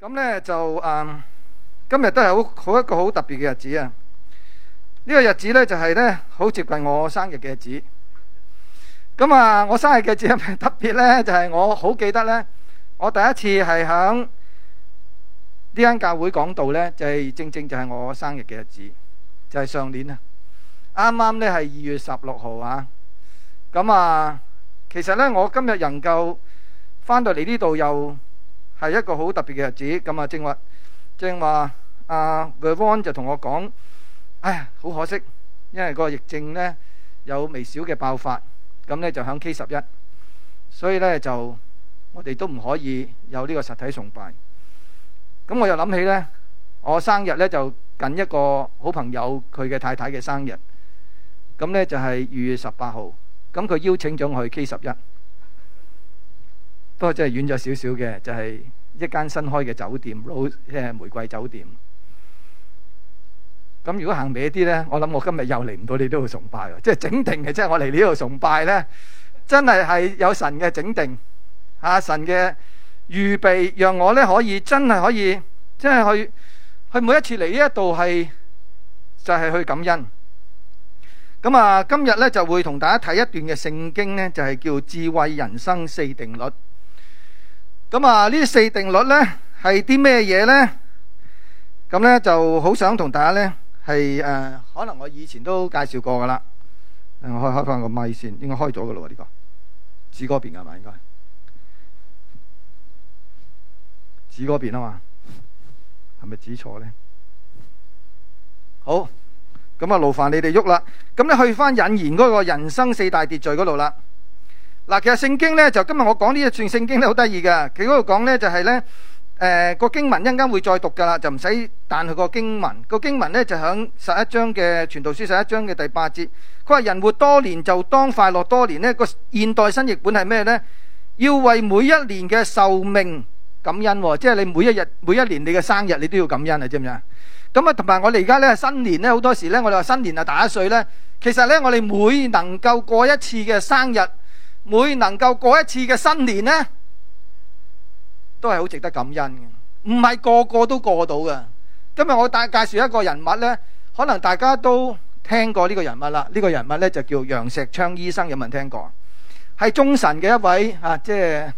咁呢，就嗯，今日都係好好一個好特別嘅日子啊！呢、呢個日子呢，就係呢，好接近我生日嘅日子。咁啊，我生日嘅日子咩特別呢，就係、是、我好記得呢。我第一次係響呢間教會講道呢，就係、是、正正就係我生日嘅日子，就係、是、上年啊。啱啱呢係二月十六號啊。咁啊，其實呢，我今日能夠翻到嚟呢度又，係一個好特別嘅日子，咁啊，正話正話，阿 Veron 就同我講，唉，好可惜，因為個疫症呢有微小嘅爆發，咁呢就響 K11，所以呢就我哋都唔可以有呢個實體崇拜。咁我又諗起呢，我生日呢就近一個好朋友佢嘅太太嘅生日，咁呢就係二月十八號，咁佢邀請咗我去 K11。不過真係遠咗少少嘅，就係一間新開嘅酒店，老即係玫瑰酒店。咁如果行遠一啲咧，我諗我今日又嚟唔到你呢度崇拜。即係整定嘅，即係我嚟呢度崇拜咧，真係係有神嘅整定啊！神嘅預備，讓我咧可以真係可以，即係去去每一次嚟呢一度係就係去感恩。咁啊，今日咧就會同大家睇一段嘅聖經咧，就係叫智慧人生四定律。咁啊，呢四定律呢係啲咩嘢呢？咁呢就好想同大家呢係誒，可能我以前都介紹過噶啦。我開開翻個咪先，應該開咗噶啦，呢個指嗰邊啊嘛，應該指嗰邊啊嘛，係咪指錯呢？好，咁啊，勞煩你哋喐啦。咁你去翻引言嗰個人生四大秩序嗰度啦。嗱，其實聖經呢，今經就今日我講呢一段聖經呢，好得意噶。佢嗰度講呢，就係呢誒個經文一間會再讀噶啦，就唔使彈佢個經文。個經文呢，就響十一章嘅《傳道書》十一章嘅第八節。佢話人活多年，就當快樂多年。呢個現代新譯本係咩呢？要為每一年嘅壽命感恩喎，即係你每一日每一年你嘅生日你都要感恩啊？知唔知啊？咁啊，同埋我哋而家呢，新年呢，好多時呢，我哋話新年啊大一歲呢。其實呢，我哋每能夠過一次嘅生日。每能夠過一次嘅新年呢，都係好值得感恩嘅。唔係個個都過到嘅。今日我帶介紹一個人物呢，可能大家都聽過呢個人物啦。呢、這個人物呢，就叫楊石昌醫生，有冇人聽過？係中神嘅一位啊，即係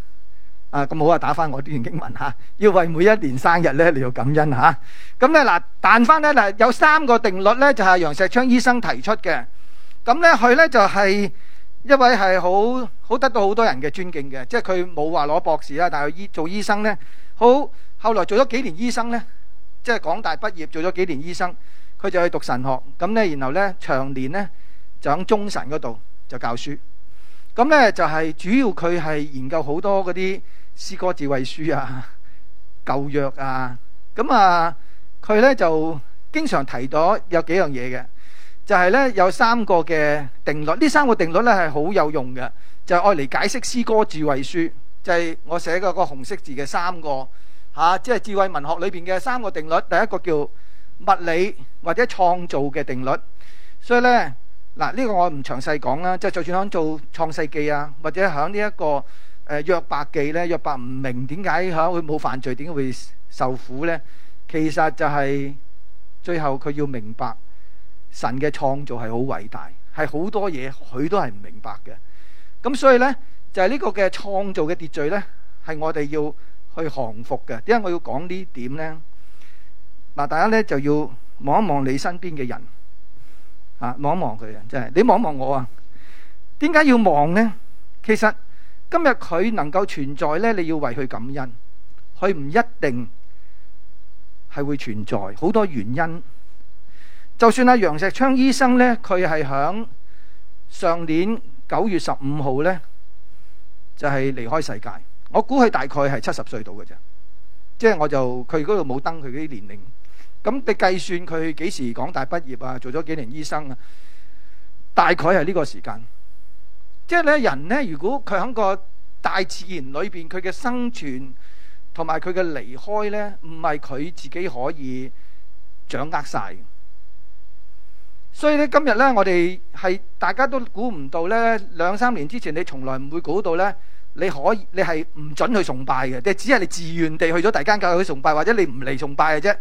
啊咁好啊，好打翻我段經文嚇、啊，要為每一年生日呢，你要感恩嚇。咁呢，嗱，彈翻呢，嗱，有三個定律呢，就係、是、楊石昌醫生提出嘅。咁呢，佢呢，就係、是。一位係好好得到好多人嘅尊敬嘅，即係佢冇話攞博士啦，但係醫做醫生呢。好後來做咗幾年醫生呢，即係港大畢業做咗幾年醫生，佢就去讀神學，咁呢，然後呢，長年呢，就響中神嗰度就教書，咁呢，就係主要佢係研究好多嗰啲詩歌智慧書啊、舊約啊，咁啊，佢呢就經常提到有幾樣嘢嘅。就係呢，有三個嘅定律，呢三個定律呢係好有用嘅，就係愛嚟解釋詩歌智慧書，就係、是、我寫嗰個紅色字嘅三個嚇、啊，即係智慧文學裏邊嘅三個定律。第一個叫物理或者創造嘅定律，所以呢，嗱呢、這個我唔詳細講啦，即係就算響做創世記啊，或者響呢一個誒約伯記呢，約伯唔明點解響佢冇犯罪點解會受苦呢？其實就係最後佢要明白。神嘅創造係好偉大，係好多嘢佢都係唔明白嘅。咁所以呢，就係呢個嘅創造嘅秩序呢，係我哋要去降服嘅。點解我要講呢點呢？嗱，大家呢就要望一望你身邊嘅人啊，望一望佢啊，真係你望一望我啊。點解要望呢？其實今日佢能夠存在呢，你要為佢感恩。佢唔一定係會存在，好多原因。就算阿楊石昌醫生呢，佢係響上年九月十五號呢，就係離開世界。我估佢大概係七十歲到嘅啫，即係我就佢嗰度冇登佢啲年齡。咁你計算佢幾時港大畢業啊？做咗幾年醫生啊？大概係呢個時間。即係咧，人呢，如果佢喺個大自然裏邊，佢嘅生存同埋佢嘅離開呢，唔係佢自己可以掌握晒。所以咧，今日咧，我哋係大家都估唔到咧，兩三年之前你從來唔會估到咧，你可以你係唔準去崇拜嘅，即係只係你自願地去咗第間教會去崇拜，或者你唔嚟崇拜嘅啫。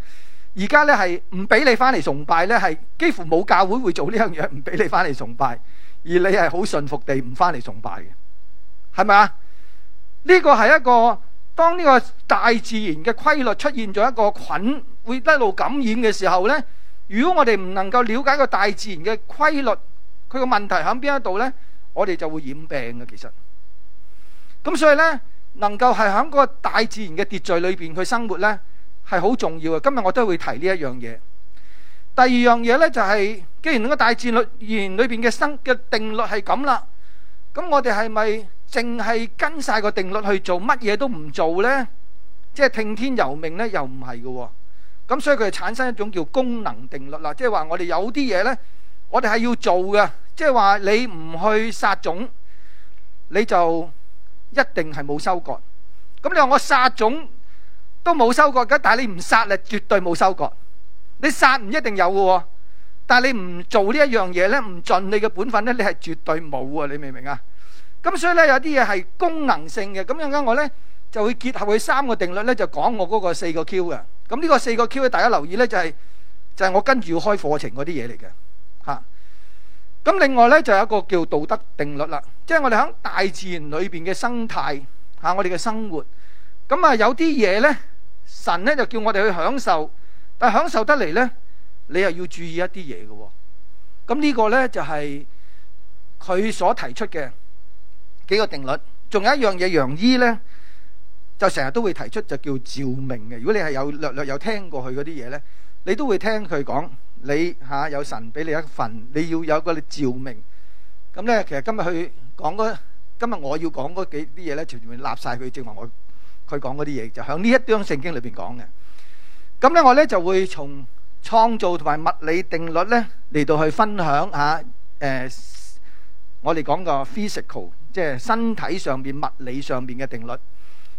而家咧係唔俾你翻嚟崇拜咧，係幾乎冇教會會做呢樣嘢，唔俾你翻嚟崇拜，而你係好信服地唔翻嚟崇拜嘅，係咪啊？呢個係一個當呢個大自然嘅規律出現咗一個菌會一路感染嘅時候咧。如果我哋唔能夠了解個大自然嘅規律，佢個問題喺邊一度呢，我哋就會染病嘅。其實，咁所以呢，能夠係喺個大自然嘅秩序裏邊去生活呢，係好重要啊。今日我都會提呢一樣嘢。第二樣嘢呢就係，既然個大自然裏邊嘅生嘅定律係咁啦，咁我哋係咪淨係跟晒個定律去做，乜嘢都唔做呢？即係聽天由命呢？又唔係嘅。咁所以佢就產生一種叫功能定律啦，即係話我哋有啲嘢呢，我哋係要做嘅，即係話你唔去撒種，你就一定係冇收割。咁你話我撒種都冇收割，咁但係你唔撒你絕對冇收割。你撒唔一定有嘅，但係你唔做呢一樣嘢呢，唔盡你嘅本分呢，你係絕對冇啊！你明唔明啊？咁所以呢，有啲嘢係功能性嘅。咁樣咧，我呢，就會結合佢三個定律呢，就講我嗰個四個 Q 嘅。咁呢個四個 Q，A，大家留意呢、就是，就係就係我跟住要開課程嗰啲嘢嚟嘅，嚇、啊。咁另外呢，就有一個叫道德定律啦，即係我哋喺大自然裏邊嘅生態嚇、啊，我哋嘅生活。咁啊，有啲嘢呢，神呢就叫我哋去享受，但享受得嚟呢，你又要注意一啲嘢嘅。咁、啊、呢、這個呢，就係、是、佢所提出嘅幾個定律。仲有一樣嘢，楊醫呢。就成日都會提出就叫召命嘅。如果你係有略略有聽過佢嗰啲嘢呢，你都會聽佢講。你嚇有神俾你一份，你要有個召命。咁、嗯、呢，其實今日佢講，今日我要講嗰啲嘢咧，全全面立曬佢證明我佢講嗰啲嘢就喺呢一章聖經裏邊講嘅。咁、嗯、呢，我呢就會從創造同埋物理定律呢嚟到去分享嚇。誒、呃，我哋講個 physical，即係身體上邊物理上邊嘅定律。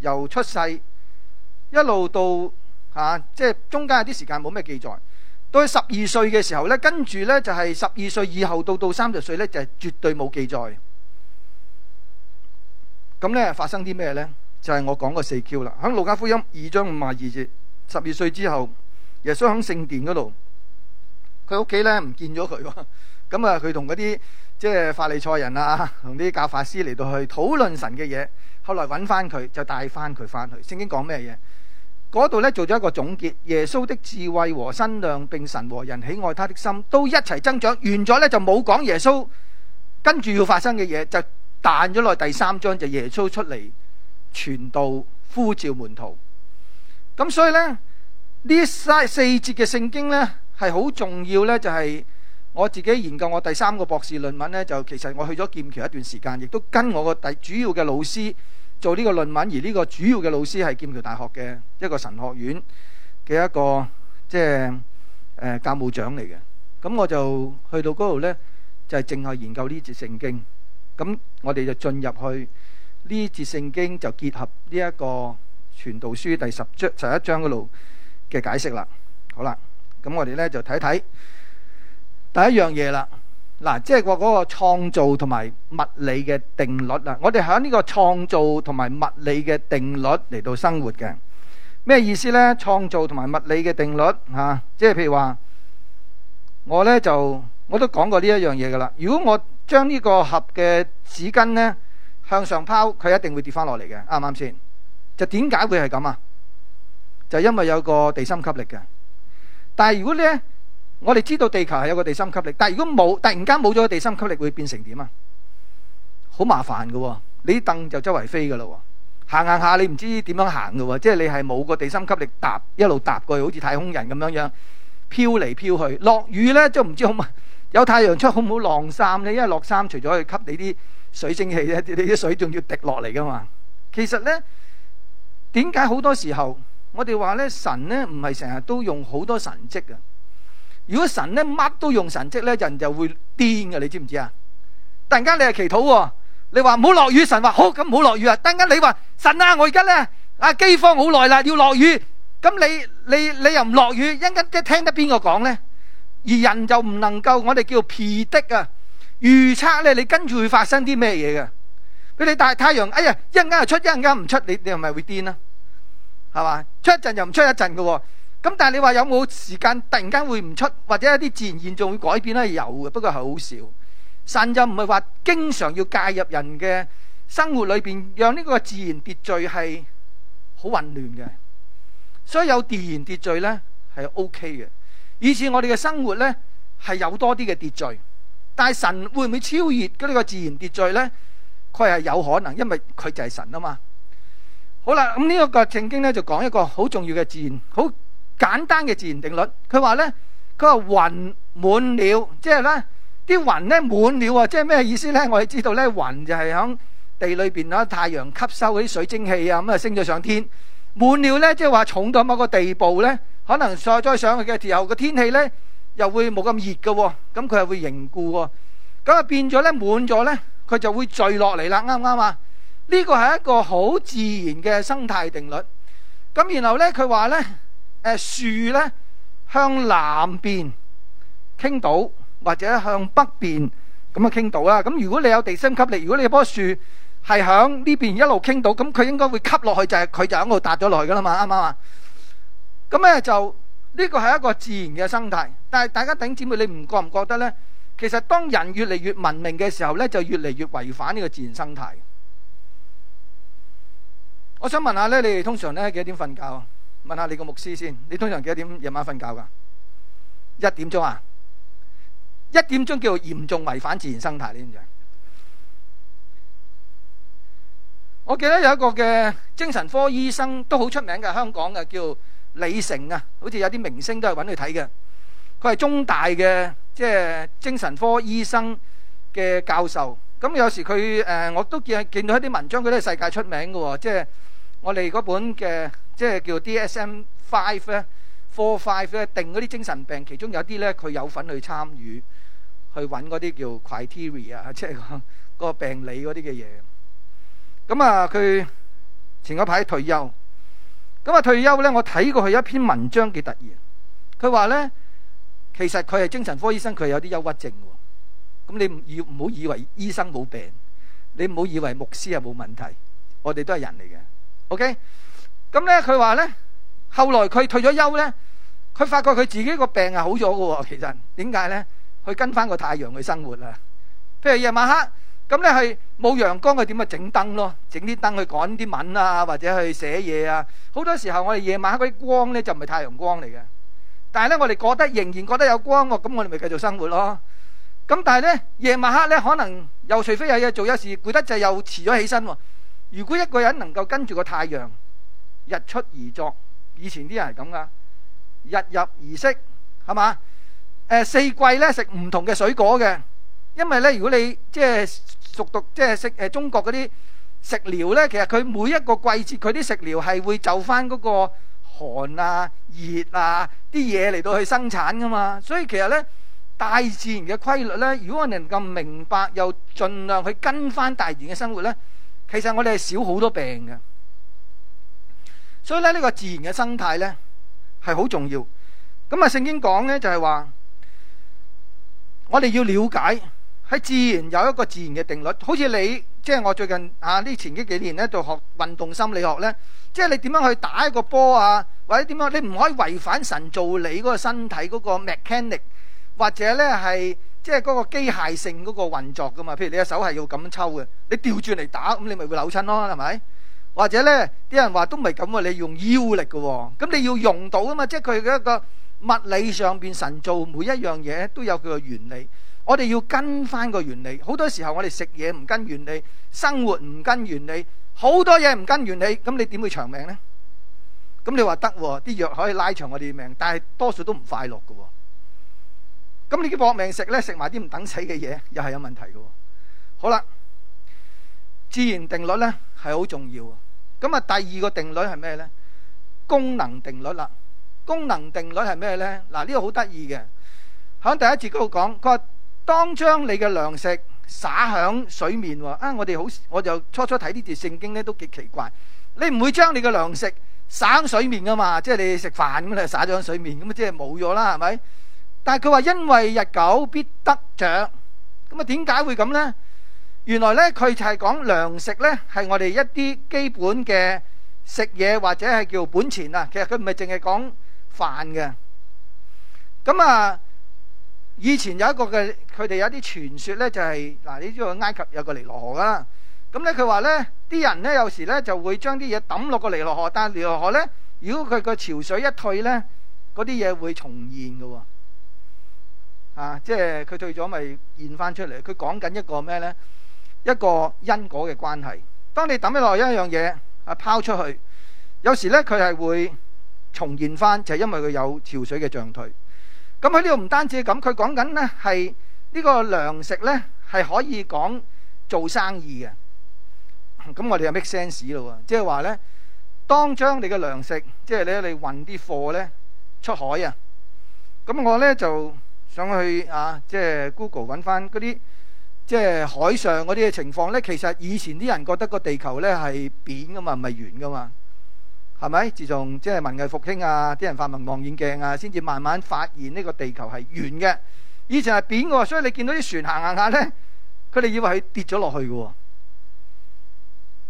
由出世一路到吓、啊，即係中間有啲時間冇咩記載。到咗十二歲嘅時候呢，跟住呢就係十二歲以後到到三十歲呢，就係、是、絕對冇記載。咁呢發生啲咩呢？就係、是、我講個四 Q 啦。喺路加福音二章五十二節，十二歲之後，耶穌喺聖殿嗰度，佢屋企呢唔見咗佢。咁啊，佢同嗰啲。即係法利賽人啦，同啲教法師嚟到去討論神嘅嘢，後來揾翻佢就帶翻佢翻去。聖經講咩嘢？嗰度呢做咗一個總結，耶穌的智慧和身量，並神和人喜愛他的心，都一齊增長。完咗呢就冇講耶穌跟住要發生嘅嘢，就彈咗落第三章就耶穌出嚟傳道、呼召門徒。咁所以呢呢三四節嘅聖經呢係好重要呢，就係。我自己研究我第三個博士論文呢，就其實我去咗劍橋一段時間，亦都跟我個第主要嘅老師做呢個論文，而呢個主要嘅老師係劍橋大學嘅一個神學院嘅一個即係、呃、教務長嚟嘅。咁、嗯、我就去到嗰度呢，就係淨係研究呢節聖經。咁、嗯、我哋就進入去呢節聖經，就結合呢一個傳道書第十章十一章嗰度嘅解釋啦。好啦，咁、嗯、我哋呢就睇睇。第一樣嘢啦，嗱，即係個嗰個創造同埋物理嘅定律啊！我哋喺呢個創造同埋物理嘅定律嚟到生活嘅。咩意思呢？創造同埋物理嘅定律嚇、啊，即係譬如話，我呢，就我都講過呢一樣嘢噶啦。如果我將呢個盒嘅紙巾呢向上拋，佢一定會跌翻落嚟嘅，啱唔啱先？就點解會係咁啊？就因為有個地心吸力嘅。但係如果呢？我哋知道地球係有個地心吸力，但係如果冇突然間冇咗個地心吸力，會變成點啊？好麻煩噶喎，你啲凳就周圍飛噶啦，行行下你唔知點樣行噶，即係你係冇個地心吸力踏，搭一路搭過去，好似太空人咁樣樣飄嚟飄去。落雨咧，即係唔知好有太陽出，好唔好晾衫咧？因為落衫除咗去吸你啲水蒸氣咧，你啲水仲要滴落嚟噶嘛。其實咧，點解好多時候我哋話咧神咧唔係成日都用好多神蹟啊？如果神咧乜都用神蹟咧，人就會癲嘅，你知唔知啊？突然間你係祈禱、啊，你話唔好落雨，神話好，咁唔好落雨啊！突然間你話神啊，我而家咧啊飢荒好耐啦，要落雨，咁你你你，你又唔落雨，一陣間即聽得邊個講咧？而人就唔能夠我哋叫 predict 啊，預測咧你跟住會發生啲咩嘢嘅？佢哋大太陽哎呀，一陣間又出，一陣間唔出，你你係咪會癲啊？係嘛，出一陣又唔出一陣嘅喎。咁但係你話有冇時間突然間會唔出，或者一啲自然現象會改變呢？有嘅，不過係好少。神就唔係話經常要介入人嘅生活裏邊，讓呢個自然秩序係好混亂嘅。所以有自然秩序呢係 OK 嘅。以至我哋嘅生活呢係有多啲嘅秩序，但係神會唔會超越嗰呢個自然秩序呢？佢係有可能，因為佢就係神啊嘛。好啦，咁呢一個聖經呢就講一個好重要嘅自然好。簡單嘅自然定律，佢話呢，佢話雲滿了，即係呢啲雲呢滿了啊！即係咩意思呢？我哋知道呢，雲就係響地裏邊啦，太陽吸收嗰啲水蒸氣啊，咁啊升咗上天。滿了呢，即係話重到某個地步呢，可能再再上去嘅時候，個天氣呢又會冇咁熱嘅，咁佢係會凝固喎。咁啊變咗呢，滿咗呢，佢就會墜落嚟啦，啱唔啱啊？呢個係一個好自然嘅生態定律。咁然後呢，佢話呢。誒，樹咧向南邊傾倒，或者向北邊咁啊傾倒啦。咁如果你有地心吸力，如果你棵樹係響呢邊一路傾倒，咁佢應該會吸落去，就係、是、佢就喺度搭咗落去噶啦嘛，啱唔啱啊？咁呢就呢個係一個自然嘅生態。但係大家頂姊妹，你唔覺唔覺得呢？其實當人越嚟越文明嘅時候呢，就越嚟越違反呢個自然生態。我想問下呢，你哋通常呢幾點瞓覺啊？問下你個牧師先，你通常幾多點夜晚瞓覺㗎？一點鐘啊！一點鐘叫嚴重違反自然生態你知唔知？我記得有一個嘅精神科醫生都好出名嘅，香港嘅叫李成啊，好似有啲明星都係揾佢睇嘅。佢係中大嘅，即係精神科醫生嘅教授。咁有時佢誒，我都見見到一啲文章，佢都係世界出名嘅喎，即係。我哋嗰本嘅即係叫 D.S.M. Five 咧，Four Five 咧，定嗰啲精神病，其中有啲咧佢有份去參與去揾嗰啲叫 criteria 啊，即係講個病理嗰啲嘅嘢。咁、嗯、啊，佢前嗰排退休咁啊、嗯，退休咧，我睇過佢一篇文章幾得意。佢話咧，其實佢係精神科醫生，佢有啲憂鬱症嘅。咁你唔要唔好以為醫生冇病，你唔好以為牧師係冇問題。我哋都係人嚟嘅。OK，咁咧佢話咧，後來佢退咗休咧，佢發覺佢自己個病係好咗嘅喎，其實點解咧？佢跟翻個太陽去生活啦。譬如夜晚黑，咁咧係冇陽光，佢點啊整燈咯？整啲燈去趕啲文啊，或者去寫嘢啊。好多時候我哋夜晚黑嗰啲光咧就唔係太陽光嚟嘅，但係咧我哋覺得仍然覺得有光喎，咁我哋咪繼續生活咯。咁但係咧夜晚黑咧，可能又除非有嘢做，有時攰得滯，又遲咗起身喎。如果一個人能夠跟住個太陽，日出而作，以前啲人係咁噶，日入而息，係嘛、呃？四季呢，食唔同嘅水果嘅，因為呢，如果你即係熟讀即係食誒、呃、中國嗰啲食療呢，其實佢每一個季節佢啲食療係會就翻嗰個寒啊、熱啊啲嘢嚟到去生產噶嘛，所以其實呢，大自然嘅規律呢，如果你能夠明白又盡量去跟翻大自然嘅生活呢。其實我哋係少好多病嘅，所以咧呢個自然嘅生態咧係好重要。咁啊聖經講咧就係話，我哋要了解喺自然有一個自然嘅定律。好似你即係我最近啊呢前呢幾年咧就學運動心理學咧，即係你點樣去打一個波啊，或者點樣你唔可以違反神造你嗰個身體嗰個 mechanic，或者咧係。即係嗰個機械性嗰個運作噶嘛，譬如你嘅手係要咁樣抽嘅，你調轉嚟打咁，你咪會扭親咯，係咪？或者咧，啲人話都唔係咁啊，你用腰力噶，咁你要用到啊嘛？即係佢嘅一個物理上邊，神做每一樣嘢都有佢嘅原理，我哋要跟翻個原理。好多時候我哋食嘢唔跟原理，生活唔跟原理，好多嘢唔跟原理，咁你點會長命咧？咁你話得啲藥可以拉長我哋命，但係多數都唔快樂噶。咁你啲搏命食呢，食埋啲唔等死嘅嘢，又係有問題噶。好啦，自然定律呢係好重要。咁啊，第二個定律係咩呢？功能定律啦。功能定律係咩呢？嗱、這個，呢個好得意嘅。響第一節嗰度講，佢話當將你嘅糧食撒響水面。啊，我哋好，我就初初睇呢節聖經呢都極奇怪。你唔會將你嘅糧食撒水面噶嘛？即係你食飯咁你撒咗喺水面，咁即係冇咗啦，係咪？但係佢話，因為日久必得著。咁啊，點解會咁呢？原來呢，佢就係講糧食呢，係我哋一啲基本嘅食嘢或者係叫本錢啊。其實佢唔係淨係講飯嘅。咁啊，以前有一個嘅佢哋有啲傳說呢，就係嗱，你知道埃及有個尼羅河㗎。咁呢佢話呢，啲人呢有時呢就會將啲嘢抌落個尼羅河，但係尼羅河呢，如果佢個潮水一退呢，嗰啲嘢會重現㗎喎。啊！即係佢退咗，咪現翻出嚟。佢講緊一個咩呢？一個因果嘅關係。當你抌落一樣嘢啊，拋出去，有時呢佢係會重現翻，就係因為佢有潮水嘅漲退。咁喺呢度唔單止係咁，佢講緊呢係呢個糧食呢係可以講做生意嘅。咁我哋 make sense 咯？即係話呢，當將你嘅糧食，即係呢你運啲貨呢出海啊。咁我呢就。想去啊，即係 Google 揾翻嗰啲，即係海上嗰啲嘅情況呢？其實以前啲人覺得個地球呢係扁噶嘛，唔係圓噶嘛，係咪？自從即係文藝復興啊，啲人發明望遠鏡啊，先至慢慢發現呢個地球係圓嘅。以前係扁嘅，所以你見到啲船行行下呢，佢哋以為佢跌咗落去嘅、哦，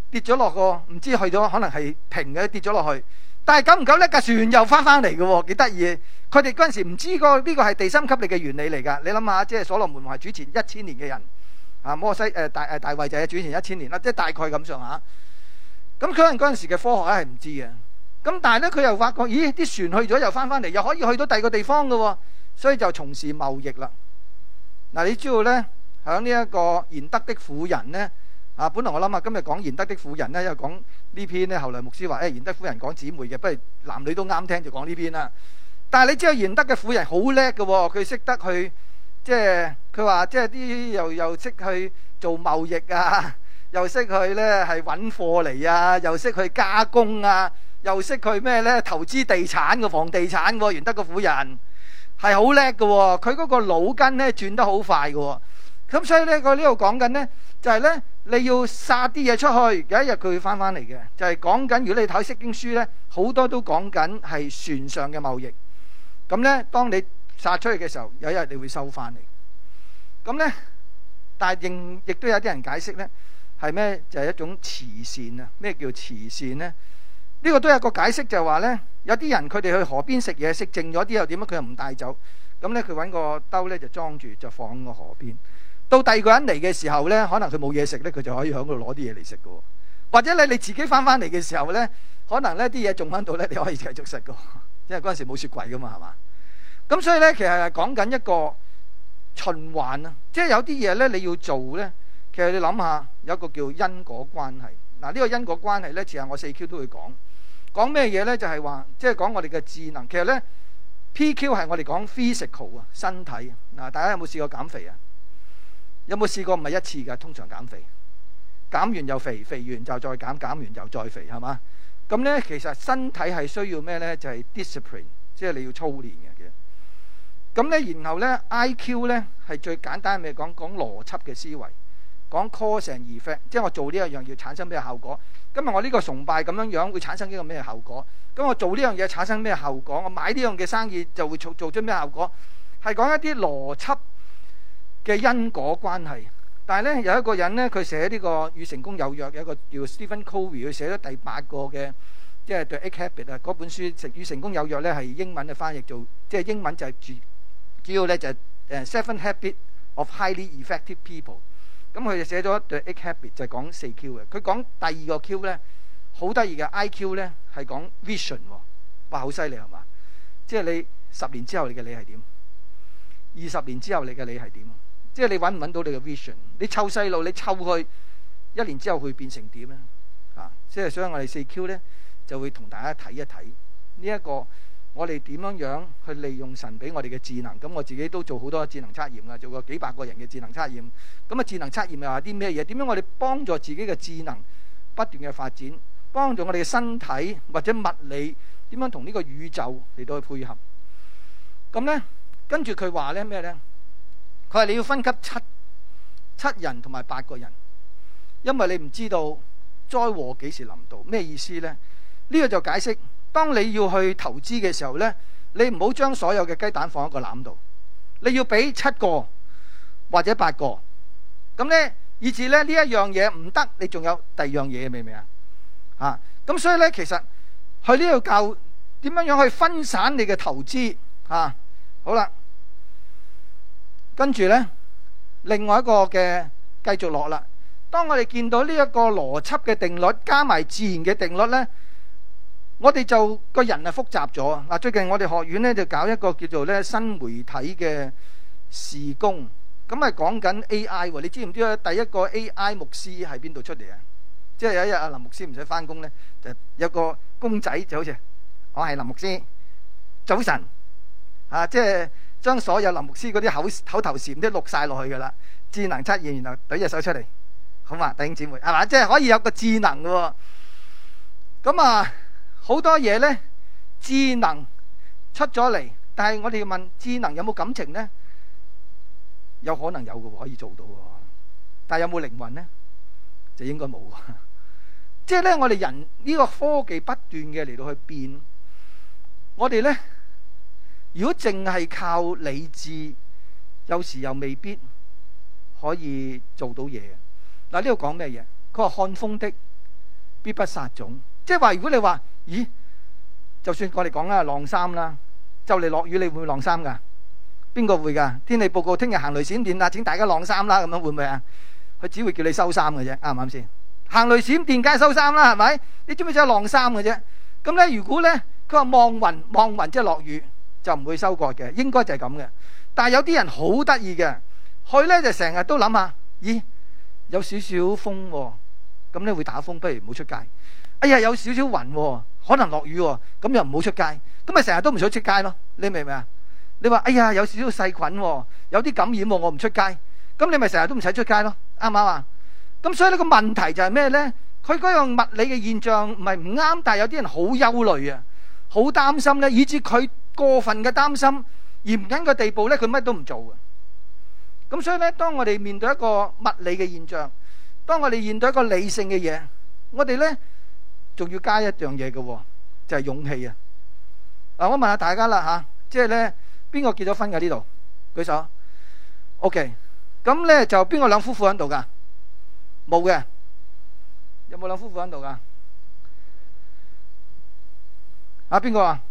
跌咗落個，唔知去咗，可能係平嘅跌咗落去。但係久唔久呢架船又翻翻嚟嘅喎，幾得意！佢哋嗰陣時唔知個呢個係地心吸力嘅原理嚟㗎。你諗下，即係所羅門係、啊呃呃、主前一千年嘅人，啊摩西誒大誒大衛就係主前一千年啦，即係大概咁上下。咁佢哋嗰陣時嘅科學係唔知嘅。咁但係呢，佢又發覺，咦啲船去咗又翻翻嚟，又可以去到第二個地方嘅喎，所以就從事貿易啦。嗱、啊，你知道呢，響呢一個賢德的婦人呢。啊！本來我諗啊，今日講賢德的婦人咧，因為講呢篇咧。後來牧師話，誒、哎、賢德夫人講姊妹嘅，不如男女都啱聽，就講呢篇啦。但係你知道賢德嘅婦人好叻嘅，佢識得去即係佢話即係啲又又識去做貿易啊，又識去咧係揾貨嚟啊，又識去加工啊，又識去咩咧？投資地產個房地產，哦、個賢德嘅婦人係好叻嘅。佢嗰個腦筋咧轉得好快嘅。咁所以呢，佢呢度講緊呢，就係、是、呢。你要撒啲嘢出去，有一日佢會翻翻嚟嘅。就係講緊，如果你睇《釋經書》呢，好多都講緊係船上嘅貿易。咁呢，當你撒出去嘅時候，有一日你會收翻嚟。咁呢，但係亦都有啲人解釋呢，係咩？就係、是、一種慈善啊！咩叫慈善呢？呢、這個都有一個解釋就係話咧，有啲人佢哋去河邊食嘢，食剩咗啲又點啊？佢又唔帶走，咁呢，佢搵個兜呢，就裝住，就放喺個河邊。到第二個人嚟嘅時候呢，可能佢冇嘢食呢，佢就可以喺度攞啲嘢嚟食嘅。或者你你自己翻翻嚟嘅時候呢，可能呢啲嘢仲喺度呢，你可以繼續食嘅。因為嗰陣時冇雪櫃噶嘛，係嘛？咁所以呢，其實係講緊一個循環啊。即係有啲嘢呢，你要做呢，其實你諗下，有一個叫因果關係嗱。呢、呢個因果關係呢，似係我四 Q 都會講。講咩嘢呢？就係、是、話即係講我哋嘅智能。其實呢，PQ 係我哋講 physical 啊，身體啊。大家有冇試過減肥啊？有冇試過唔係一次噶？通常減肥減完又肥，肥完就再減，減完又再肥，係嘛？咁呢，其實身體係需要咩呢？就係、是、discipline，即係你要操練嘅。咁呢，然後呢 IQ 呢，係最簡單嘅講講邏輯嘅思維，講 cause and effect，即係我做呢一樣要產生咩效果？今日我呢個崇拜咁樣樣會產生呢個咩效果？咁我做呢樣嘢產生咩效果？我買呢樣嘅生意就會做出咩效果？係講一啲邏輯。嘅因果關係，但係咧有一個人咧，佢寫呢、呢個與成功有約，有一個叫 Stephen Covey，佢寫咗第八個嘅，即係對 eighth habit 啊嗰本書《與成功有約》咧係英文嘅翻譯做，即係英文就係主主要咧就誒、是、seven habit of highly effective people，咁佢、嗯、就寫咗對 eighth habit 就係講四 Q 嘅，佢講第二個 Q 咧好得意嘅 I Q 咧係講 vision 喎、哦，哇好犀利係嘛？即係你十年之後你嘅你係點？二十年之後你嘅你係點？即係你揾唔揾到你嘅 vision？你湊細路，你湊佢一年之後，佢變成點咧？嚇、啊！即係所以我，我哋四 Q 咧就會同大家睇一睇呢一個，我哋點樣樣去利用神俾我哋嘅智能。咁、嗯、我自己都做好多智能測驗嘅，做過幾百個人嘅智能測驗。咁、嗯、啊，智能測驗又係啲咩嘢？點樣我哋幫助自己嘅智能不斷嘅發展，幫助我哋嘅身體或者物理點樣同呢個宇宙嚟到去配合？咁、嗯、咧，跟住佢話咧咩咧？佢話你要分給七七人同埋八個人，因為你唔知道災禍幾時臨到，咩意思呢？呢個就解釋，當你要去投資嘅時候，呢你唔好將所有嘅雞蛋放喺個籃度，你要俾七個或者八個，咁呢，以至呢呢一樣嘢唔得，你仲有第二樣嘢，明唔明啊？咁所以呢，其實去呢度教點樣樣去分散你嘅投資啊，好啦。跟住呢，另外一個嘅繼續落啦。當我哋見到呢一個邏輯嘅定律加埋自然嘅定律呢，我哋就個人啊複雜咗。嗱，最近我哋學院呢就搞一個叫做呢新媒體嘅事工，咁啊講緊 AI。你知唔知啊？第一個 AI 牧師喺邊度出嚟啊？即係有一日阿林牧師唔使翻工呢，就有個公仔就好似我係林牧師，早晨啊，即係。將所有林牧師嗰啲口口頭禪都錄晒落去噶啦，智能測驗，然後舉隻手出嚟，好嘛？弟兄姊妹係嘛？即係可以有個智能噶、哦，咁啊好多嘢咧，智能出咗嚟，但係我哋要問智能有冇感情咧？有可能有噶，可以做到噶，但係有冇靈魂咧？就應該冇噶，即係咧，我哋人呢、這個科技不斷嘅嚟到去變，我哋咧。如果淨係靠理智，有時又未必可以做到嘢。嗱，呢度講咩嘢？佢話看風的必不撒種，即係話如果你話咦，就算我哋講啦，晾衫啦，就嚟落雨，你會唔會晾衫噶？邊個會噶？天氣報告聽日行雷閃電啦，請大家晾衫啦，咁樣會唔會啊？佢只會叫你收衫嘅啫，啱唔啱先？行雷閃電梗係收衫啦，係咪？你知唔知係晾衫嘅啫？咁咧，如果咧，佢話望雲望雲即係落雨。就唔會收割嘅，應該就係咁嘅。但係有啲人好得意嘅，佢咧就成日都諗下，咦，有少少風咁、哦、你會打風，不如唔好出街。哎呀，有少少雲、哦，可能落雨、哦，咁又唔好出街，咁咪成日都唔想出街咯。你明唔明啊？你話哎呀，有少少細菌、哦，有啲感染、啊，我唔出街，咁你咪成日都唔使出街咯，啱唔啱啊？咁所以呢個問題就係咩咧？佢嗰個物理嘅現象唔係唔啱，但係有啲人好憂慮啊，好擔心咧，以至佢。過分嘅擔心，嚴謹嘅地步咧，佢乜都唔做嘅。咁所以咧，當我哋面對一個物理嘅現象，當我哋面對一個理性嘅嘢，我哋咧仲要加一樣嘢嘅，就係勇氣啊！嗱，我問下大家啦吓，即係咧，邊個結咗婚嘅呢度？舉手。OK，咁咧就邊個兩夫婦喺度噶？冇嘅，有冇兩夫婦喺度噶？啊，邊個啊？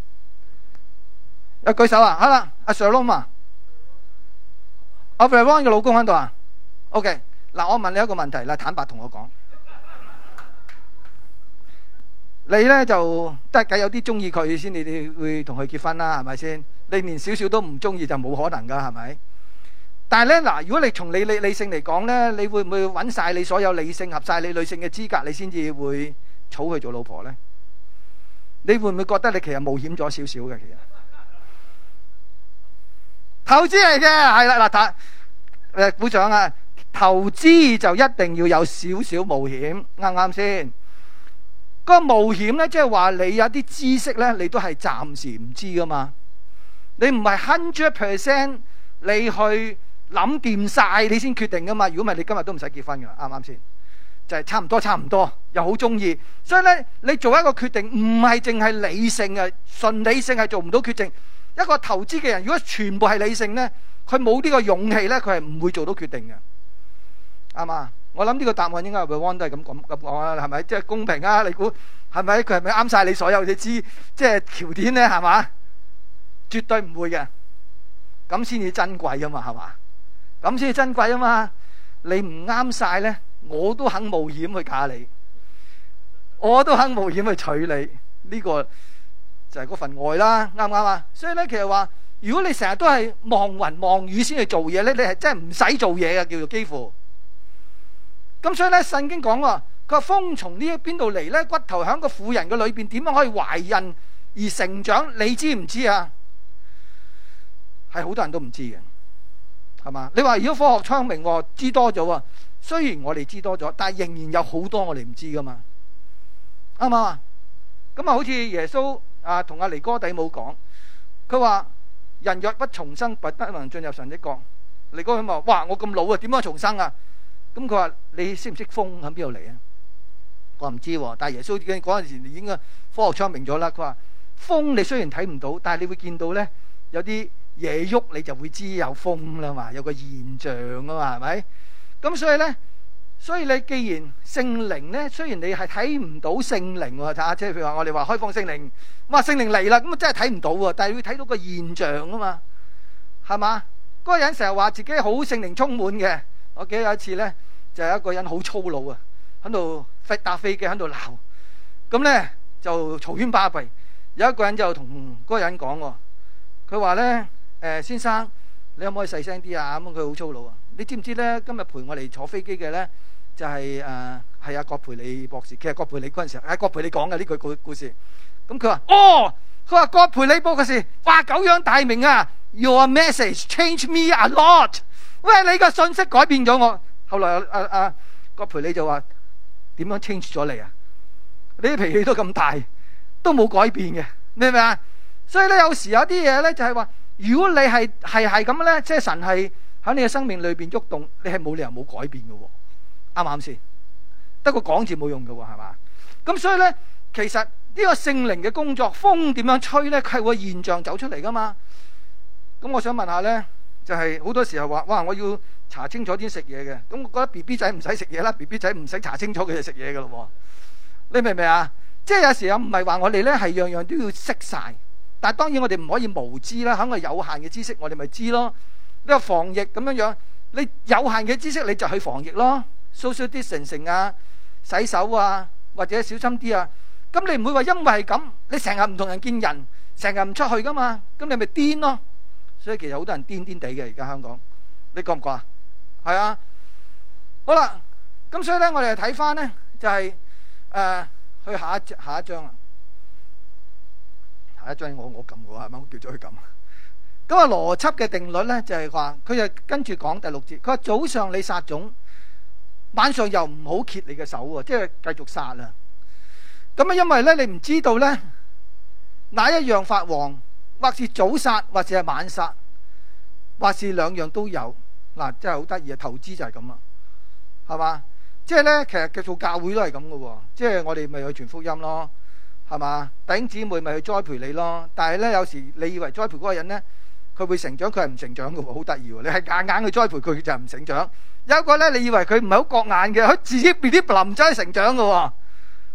有舉手啊！好啦，阿 Sharon 啊，啊啊阿 Veron 嘅老公喺、啊、度啊。OK，嗱，我問你一個問題啦，坦白同我講， 你咧就得計有啲中意佢先，你哋會同佢結婚啦、啊，係咪先？你連少少都唔中意就冇可能噶，係咪？但係咧嗱，如果你從你你理性嚟講咧，你會唔會揾晒你所有理性合晒你女性嘅資格，你先至會娶佢做老婆咧？你會唔會覺得你其實冒險咗少少嘅？其實。投資嚟嘅係啦嗱，誒，鼓掌啊！投資就一定要有少少冒險，啱啱先？嗰個冒險咧，即係話你有啲知識咧，你都係暫時唔知噶嘛。你唔係 hundred percent，你去諗掂晒，你先決定噶嘛。如果唔係，你今日都唔使結婚噶啦，啱啱先？就係、是、差唔多，差唔多，又好中意，所以咧，你做一個決定唔係淨係理性呀，純理性係做唔到決定。一個投資嘅人，如果全部係理性咧，佢冇呢個勇氣咧，佢係唔會做到決定嘅，啱嘛？我諗呢個答案應該係 Vivian 都係咁講咁講啦，係咪？即係、就是、公平啊？你估係咪？佢係咪啱晒你所有？你知即係條件咧，係嘛？絕對唔會嘅，咁先至珍貴啊嘛，係嘛？咁先至珍貴啊嘛？你唔啱晒咧，我都肯冒險去嫁你，我都肯冒險去娶你，呢、這個。就係嗰份愛啦，啱唔啱啊？所以咧，其實話如果你成日都係望雲望雨先去做嘢咧，你係真係唔使做嘢嘅，叫做幾乎咁。所以咧，聖經講喎，佢話：風從呢邊度嚟咧？骨頭喺個婦人嘅裏邊點樣可以懷孕而成長？你知唔知啊？係好多人都唔知嘅，係嘛？你話如果科學昌明，我知多咗喎。雖然我哋知多咗，但係仍然有好多我哋唔知噶嘛，啱嘛？咁啊，好似耶穌。啊，同阿、啊、尼哥底母講，佢話人若不重生，不得能進入神的國。尼哥佢話：哇，我咁老啊，點樣重生啊？咁佢話，你識唔識風喺邊度嚟啊？我唔知，但係耶穌已經嗰陣時已經科學昌明咗啦。佢話，風你雖然睇唔到，但係你會見到咧有啲嘢喐，你就會知有風啦嘛，有個現象吖嘛，係咪？咁、嗯、所以咧。所以你既然聖靈呢，雖然你係睇唔到聖靈喎、啊，睇下即係譬如話我哋話開放聖靈，哇聖靈嚟啦，咁、嗯、啊真係睇唔到喎，但係會睇到個現象啊嘛，係嘛？嗰、那個人成日話自己好聖靈充滿嘅，我記得有一次呢，就有一個人好粗魯啊，喺度搭飛機喺度鬧，咁呢，就嘈喧巴閉。有一個人就同嗰個人講喎、啊，佢話呢：呃「誒先生，你可唔可以細聲啲啊？咁佢好粗魯啊。你知唔知咧？今日陪我嚟坐飛機嘅咧，就係誒係阿葛培理博士。其實葛培理嗰陣時，係、啊、葛培理講嘅呢句故事。咁佢話：哦，佢話葛培理博士，哇！久仰大名啊，Your message changed me a lot。喂，你個信息改變咗我。後來誒誒葛培理就話：點樣 change 咗你啊？你啲脾氣都咁大，都冇改變嘅，明唔明啊？所以咧，有時有啲嘢咧，就係話，如果你係係係咁咧，即係神係。喺你嘅生命裏邊喐動，你係冇理由冇改變嘅喎，啱唔啱先？得個講字冇用嘅喎，係嘛？咁所以咧，其實呢個聖靈嘅工作，風點樣吹咧，佢係會現象走出嚟噶嘛？咁我想問下咧，就係好多時候話，哇，我要查清楚啲食嘢嘅。咁我覺得 B B 仔唔使食嘢啦，B B 仔唔使查清楚佢就食嘢噶咯喎。你明唔明啊？即係有時候唔係話我哋咧係樣樣都要識晒，但係當然我哋唔可以無知啦。喺我有限嘅知識，我哋咪知咯。都係防疫咁樣樣，你有限嘅知識你就去防疫咯，Social distancing 啊，洗手啊，或者小心啲啊。咁你唔會話因為係咁，你成日唔同人見人，成日唔出去噶嘛。咁你咪癲咯。所以其實好多人癲癲地嘅，而家香港，你覺唔覺啊？係啊。好啦，咁所以咧，我哋睇翻咧就係誒去下一下一章啊。下一章我我撳我，係咪？我叫咗佢撳。咁啊，邏輯嘅定律咧就係話佢就跟住講第六節。佢話早上你撒種，晚上又唔好歇你嘅手喎，即係繼續撒啦。咁啊，因為咧你唔知道咧，哪一樣發旺，或是早撒，或是係晚撒，或是兩樣都有嗱，真係好得意啊！投資就係咁啊，係嘛？即係咧，其實叫做教會都係咁噶喎。即係我哋咪去傳福音咯，係嘛？弟兄姊妹咪去栽培你咯。但係咧，有時你以為栽培嗰個人咧。佢會成長，佢係唔成長嘅喎，好得意喎。你係硬硬去栽培佢，佢就唔成長。有一個咧，你以為佢唔係好覺眼嘅，佢自己變啲林仔成長嘅喎。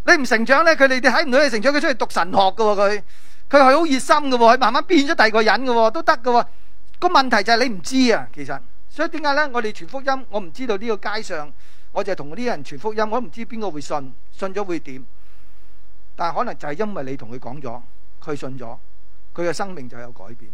你唔成長咧，佢哋哋睇唔到你成長，佢出去讀神學嘅喎。佢佢係好熱心嘅喎，佢慢慢變咗第二個人嘅喎，都得嘅喎。個問題就係你唔知啊，其實所以點解咧？我哋傳福音，我唔知道呢個街上，我就係同啲人傳福音，我都唔知邊個會信，信咗會點。但係可能就係因為你同佢講咗，佢信咗，佢嘅生命就有改變。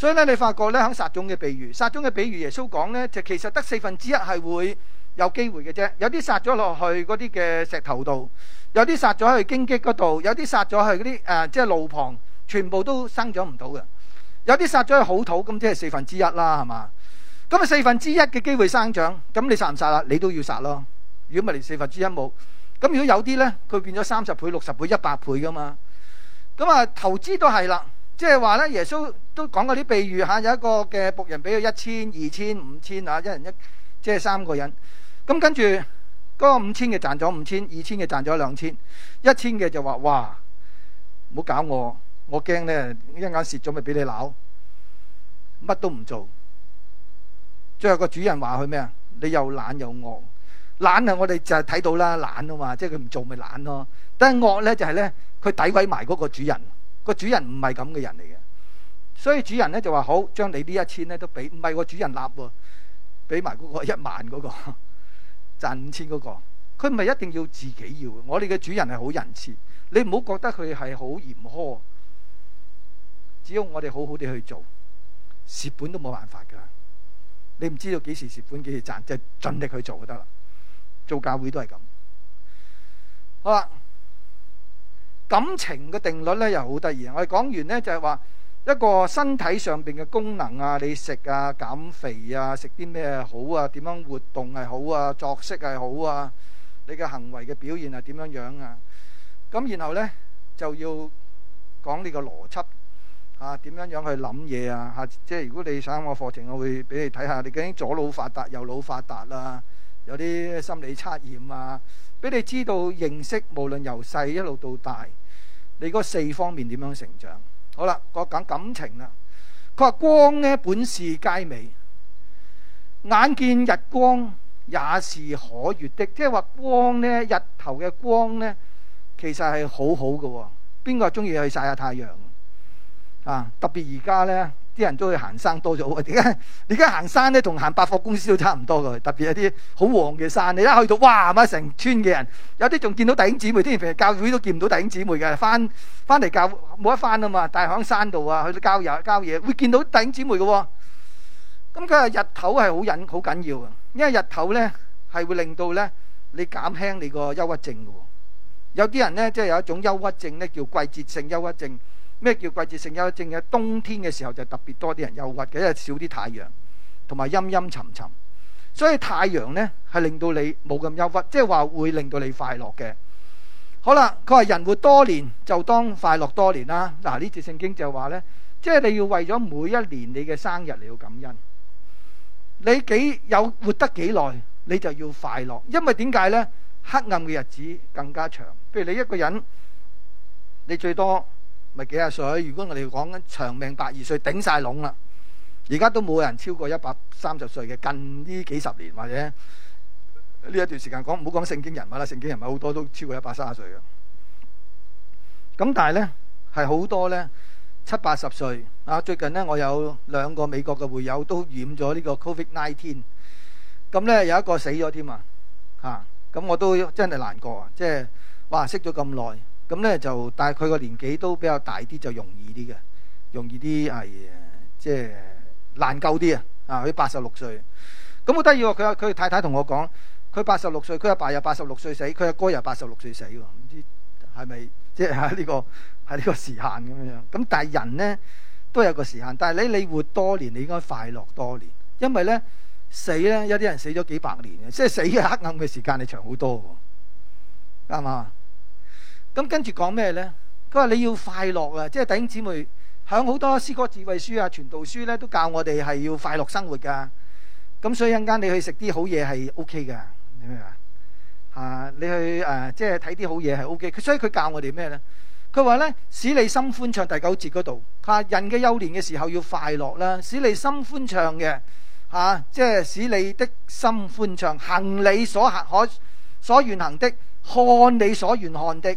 所以咧，你發覺咧喺撒種嘅比喻，撒種嘅比喻耶穌講，耶穌講呢，就其實得四分之一係會有機會嘅啫。有啲撒咗落去嗰啲嘅石頭度，有啲撒咗去荊棘嗰度，有啲撒咗去嗰啲誒，即係路旁，全部都生長唔到嘅。有啲撒咗去好土，咁即係四分之一啦，係嘛？咁啊，四分之一嘅機會生長，咁你撒唔撒啦？你都要撒咯。如果咪連四分之一冇，咁如果有啲呢，佢變咗三十倍、六十倍、一百倍噶嘛？咁啊，投資都係啦。即係話咧，耶穌都講嗰啲比喻吓，有一個嘅僕人俾佢一千、二千、五千啊，一人一，即係三個人。咁跟住嗰個五千嘅賺咗五千，二千嘅賺咗兩千，一千嘅就話：哇，唔好搞我，我驚咧，一間蝕咗咪俾你鬧，乜都唔做。最後個主人話佢咩啊？你又懶又惡，懶啊！我哋就係睇到啦，懶啊嘛，即係佢唔做咪懶咯。但係惡咧就係咧，佢詆毀埋嗰個主人。個主人唔係咁嘅人嚟嘅，所以主人咧就話好，將你呢一千咧都俾，唔係個主人立喎，俾埋嗰個一萬嗰個，賺五千嗰個，佢唔係一定要自己要，我哋嘅主人係好仁慈，你唔好覺得佢係好嚴苛，只要我哋好好地去做，蝕本都冇辦法噶，你唔知道幾時蝕本幾時賺，即係盡力去做就得啦，做教會都係咁，好啦。感情嘅定律呢又好得意。我哋講完呢就係話一個身體上邊嘅功能啊，你食啊減肥啊，食啲咩好啊？點樣活動係好啊？作息係好啊？你嘅行為嘅表現係點樣樣啊？咁然後呢就要講呢個邏輯啊，點樣樣去諗嘢啊？嚇，即係如果你想我課程，我會俾你睇下你究竟左腦發達右腦發達啦，有啲心理測驗啊，俾你知道認識無論由細一路到大。你嗰四方面點樣成長？好啦，講感情啦。佢話光呢本是佳美，眼見日光也是可悅的。即係話光呢日頭嘅光呢，其實係好好嘅。邊個鍾意去曬下太陽啊？特別而家呢。啲人都去行山多咗喎，點解？而家行山咧，同行百貨公司都差唔多噶，特別有啲好旺嘅山，你一去到，哇！咪成村嘅人，有啲仲見到弟兄姊妹，之前平日教會都見唔到弟兄姊妹嘅，翻翻嚟教冇得翻啊嘛，但係響山度啊，去到郊遊郊野，會見到弟兄姊妹嘅喎，哦。咁佢係日頭係好緊好緊要啊，因為日頭咧係會令到咧你減輕你個憂鬱症嘅。有啲人咧即係有一種憂鬱症咧叫季節性憂鬱症。咩叫季節性憂鬱症？喺冬天嘅時候就特別多啲人憂鬱嘅，因為少啲太陽，同埋陰陰沉沉，所以太陽呢，係令到你冇咁憂鬱，即係話會令到你快樂嘅。好啦，佢話人活多年就當快樂多年啦。嗱，呢節聖經就話呢，即係你要為咗每一年你嘅生日嚟要感恩，你幾有活得幾耐，你就要快樂，因為點解呢？黑暗嘅日子更加長，譬如你一個人，你最多。咪幾廿歲？如果我哋講緊長命百二歲，頂晒籠啦！而家都冇人超過一百三十歲嘅，近呢幾十年或者呢一段時間講，唔好講聖經人物啦，聖經人物好多都超過一百三十歲嘅。咁但係咧係好多咧七八十歲啊！最近咧我有兩個美國嘅會友都染咗呢個 COVID-19，咁咧有一個死咗添啊！嚇，咁我都真係難過啊！即係哇，識咗咁耐。咁咧、嗯、就，但係佢個年紀都比較大啲，就容易啲嘅，容易啲係、哎，即係難救啲啊！啊，佢八十六歲，咁好得意喎！佢佢太太同我講，佢八十六歲，佢阿爸又八十六歲死，佢阿哥又八十六歲死喎，唔、嗯、知係咪即係喺呢個喺呢 個時限咁樣樣。咁、嗯、但係人呢，都有個時限，但係你你活多年，你應該快樂多年，因為咧死咧有啲人死咗幾百年嘅，即係死嘅黑暗嘅時間你長好多，啱嘛？咁跟住講咩呢？佢話你要快樂啊！即係弟兄姊妹響好多詩歌智慧書啊、傳道書呢，都教我哋係要快樂生活噶。咁所以陣間你去食啲好嘢係 O K 噶，你明唔明啊？你去誒、呃，即係睇啲好嘢係 O K。所以佢教我哋咩呢？佢話呢：「使你心歡暢」，第九節嗰度，嚇人嘅幼年嘅時候要快樂啦，使你心歡暢嘅嚇、啊，即係使你的心歡暢，行你所行可所願行的，看你所願看的。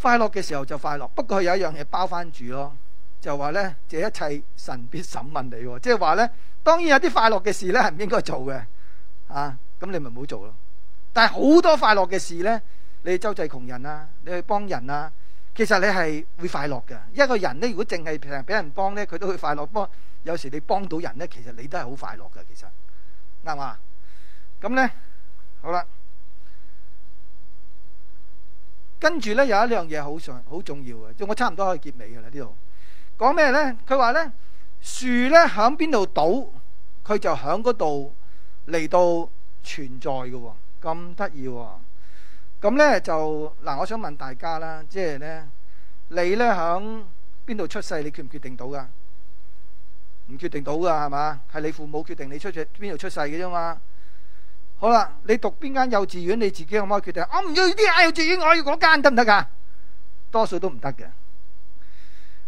快樂嘅時候就快樂，不過有一樣嘢包翻住咯，就話呢，就一切神必審問你，即係話呢，當然有啲快樂嘅事呢，係唔應該做嘅，啊，咁你咪唔好做咯。但係好多快樂嘅事呢，你周濟窮人啊，你去幫人啊，其實你係會快樂嘅。一個人呢，如果淨係平日俾人幫呢，佢都會快樂。幫有時你幫到人呢，其實你都係好快樂嘅。其實啱嘛？咁呢，好啦。跟住呢，有一樣嘢好重好重要嘅，即我差唔多可以結尾嘅啦呢度。講咩呢？佢話呢，樹呢，響邊度倒，佢就響嗰度嚟到存在嘅喎、哦，咁得意喎。咁呢，就嗱，我想問大家啦，即係呢，你呢，響邊度出世，你決唔決定到㗎？唔決定到㗎係嘛？係你父母決定你出喺邊度出世嘅啫嘛。好啦，你讀邊間幼稚園，你自己可唔可以決定？我唔要呢間幼稚園，我要嗰間得唔得噶？多數都唔得嘅。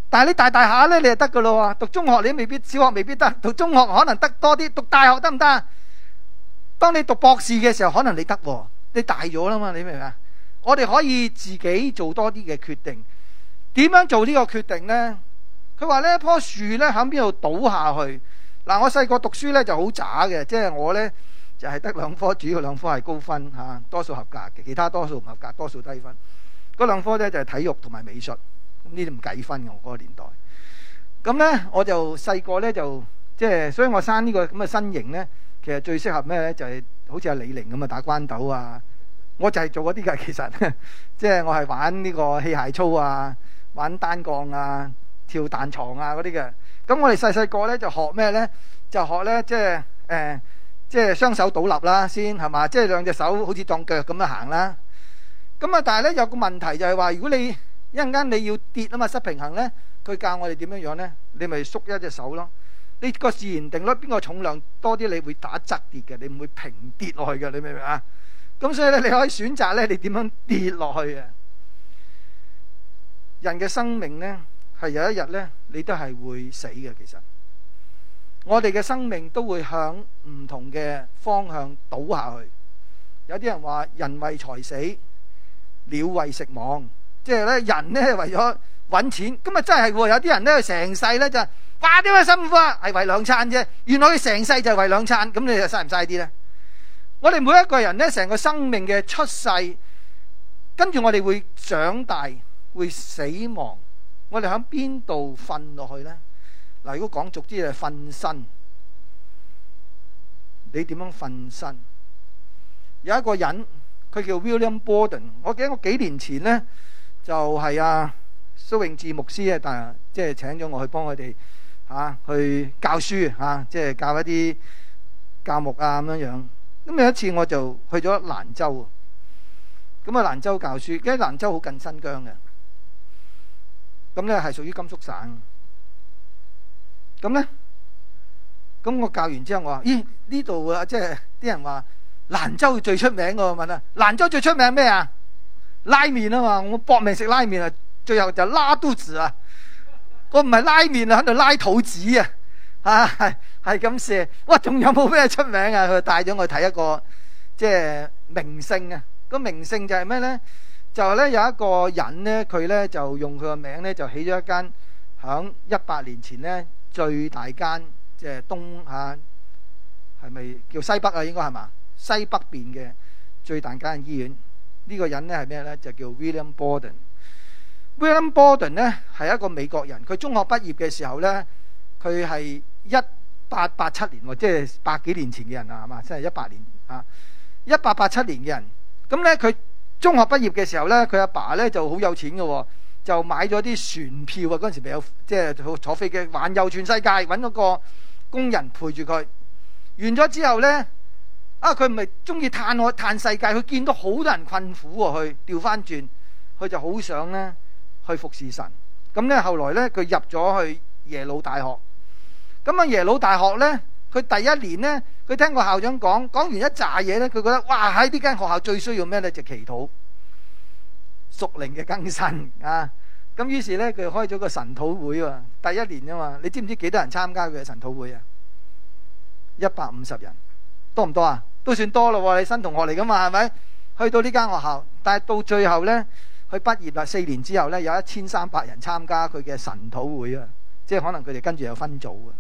但係你大大下咧，你就得噶咯喎。讀中學你未必，小學未必得。讀中學可能得多啲。讀大學得唔得？當你讀博士嘅時候，可能你得。你大咗啦嘛，你明唔明啊？我哋可以自己做多啲嘅決定。點樣做呢個決定咧？佢話咧，一樖樹咧喺邊度倒下去？嗱，我細個讀書咧就好渣嘅，即係我咧。就係得兩科，主要兩科係高分嚇、啊，多數合格嘅，其他多數唔合格，多數低分。嗰兩科呢，就係、是、體育同埋美術，呢啲唔計分嘅嗰個年代。咁、嗯、呢，我就細個呢，就即係、就是，所以我生呢、這個咁嘅身形呢，其實最適合咩呢？就係、是、好似阿李寧咁啊，打關斗啊。我就係做嗰啲㗎，其實即係 我係玩呢個器械操啊，玩單槓啊，跳彈床啊嗰啲嘅。咁、嗯、我哋細細個呢，就學咩呢？就學呢，即係誒。呃即係雙手倒立啦，先係嘛？即係兩隻手好似當腳咁樣行啦。咁啊，但係咧有個問題就係話，如果你一陣間你要跌啊嘛失平衡咧，佢教我哋點樣樣咧，你咪縮一隻手咯。你個自然定律，邊個重量多啲，你會打側跌嘅，你唔會平跌落去嘅。你明唔明啊？咁所以咧，你可以選擇咧，你點樣跌落去啊？人嘅生命咧，係有一日咧，你都係會死嘅。其實。我哋嘅生命都會向唔同嘅方向倒下去，有。有啲人話，人為財死，鳥為食亡，即係咧，人咧為咗揾錢，咁啊真係有啲人咧成世呢，就哇點解辛苦啊？係為兩餐啫，原來佢成世就係為兩餐，咁你又嘥唔嘥啲呢？我哋每一個人呢，成個生命嘅出世，跟住我哋會長大，會死亡，我哋喺邊度瞓落去呢？嗱，如果講俗啲嘢，瞓身，你點樣瞓身？有一個人，佢叫 William Borden，我記得我幾年前呢，就係阿蘇永智牧師咧，但係即係請咗我去幫佢哋嚇去教書嚇，即、啊、係、就是、教一啲教牧啊咁樣樣。咁有一次我就去咗蘭州，咁啊蘭州教書，因為蘭州好近新疆嘅，咁咧係屬於甘肅省。咁咧，咁我教完之後，我話：咦，呢度啊，即係啲人話蘭州最出名我問啊，蘭州最出名咩啊？拉麵啊嘛。我搏命食拉麵啊，最後就拉肚子啊。我唔係拉麵啊，喺度拉肚子啊，嚇係係咁射。哇！仲有冇咩出名啊？佢帶咗我睇一個即係名勝啊。個名勝就係咩咧？就係咧有一個人咧，佢咧就用佢個名咧就起咗一間，響一百年前咧。最大間即係東下，係咪叫西北啊？應該係嘛？西北邊嘅最大間醫院。呢個人呢係咩呢？就叫 William Borden。William Borden 呢係一個美國人。佢中學畢業嘅時候呢，佢係一八八七年喎，即係百幾年前嘅人啦，係嘛？即係一八年啊，一八八七年嘅人。咁呢，佢中學畢業嘅時候呢，佢阿爸呢就好有錢嘅喎、啊。就買咗啲船票啊！嗰陣時未有，即係坐飛機環遊全世界，揾咗個工人陪住佢。完咗之後呢，啊佢唔係中意嘆我嘆世界，佢見到好多人困苦喎，佢調翻轉，佢就好想呢去服侍神。咁呢，後來呢，佢入咗去耶魯大學。咁啊耶魯大學呢，佢第一年呢，佢聽個校長講，講完一紮嘢呢，佢覺得哇喺呢間學校最需要咩呢？就祈禱。屬靈嘅更新啊！咁於是呢，佢開咗個神討會喎、啊。第一年吖嘛，你知唔知幾多人參加佢嘅神討會啊？一百五十人，多唔多啊？都算多咯。你新同學嚟㗎嘛？係咪去到呢間學校？但係到最後呢，佢畢業啦。四年之後呢，有一千三百人參加佢嘅神討會啊。即係可能佢哋跟住有分組啊。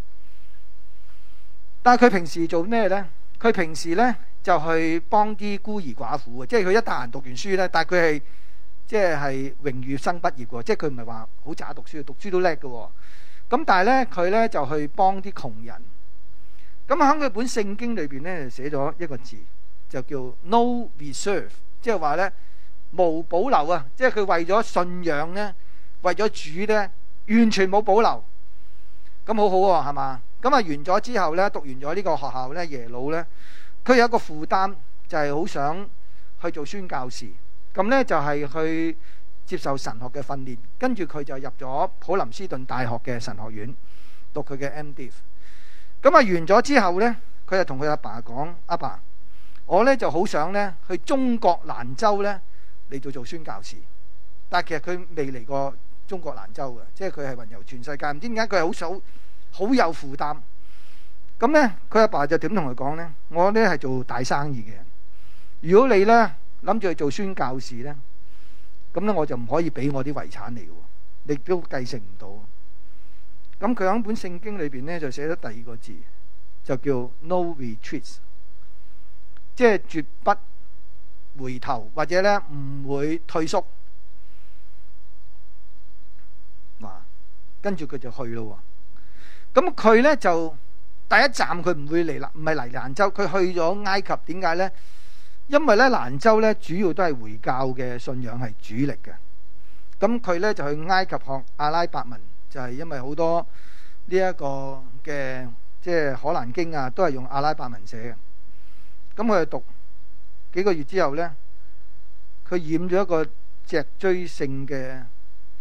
但係佢平時做咩呢？佢平時呢，就去幫啲孤兒寡婦啊。即係佢一得閒讀完書呢，但係佢係。即係榮譽生畢業喎，即係佢唔係話好渣讀書，讀書都叻嘅喎。咁但係呢，佢呢就去幫啲窮人。咁喺佢本聖經裏邊呢，寫咗一個字，就叫 no reserve，即係話呢，無保留啊！即係佢為咗信仰呢，為咗主呢，完全冇保留。咁好好、啊、喎，係嘛？咁啊完咗之後呢，讀完咗呢個學校呢，耶魯呢，佢有一個負擔，就係、是、好想去做宣教士。咁呢、嗯、就係、是、去接受神學嘅訓練，跟住佢就入咗普林斯頓大學嘅神學院讀佢嘅 M.Div、嗯。咁啊完咗之後呢，佢就同佢阿爸講：阿爸，爸，我呢就好想呢去中國蘭州呢嚟做做宣教士。」但其實佢未嚟過中國蘭州嘅，即係佢係雲遊全世界。唔知點解佢好想好有負擔。咁、嗯、呢，佢、嗯、阿爸，爸就點同佢講呢？我呢係做大生意嘅，人，如果你呢……諗住去做宣教士咧，咁咧我就唔可以俾我啲遺產你嘅，你都繼承唔到。咁佢喺本聖經裏邊咧就寫咗第二個字，就叫 No retreat，即係絕不回頭或者咧唔會退縮。嗱，跟住佢就去咯。咁佢咧就第一站佢唔會嚟啦，唔係嚟蘭州，佢去咗埃及。點解咧？因為咧蘭州咧主要都係回教嘅信仰係主力嘅，咁佢咧就去埃及學阿拉伯文，就係因為好多呢一個嘅即係可蘭經啊，都係用阿拉伯文寫嘅。咁佢讀幾個月之後咧，佢染咗一個脊椎性嘅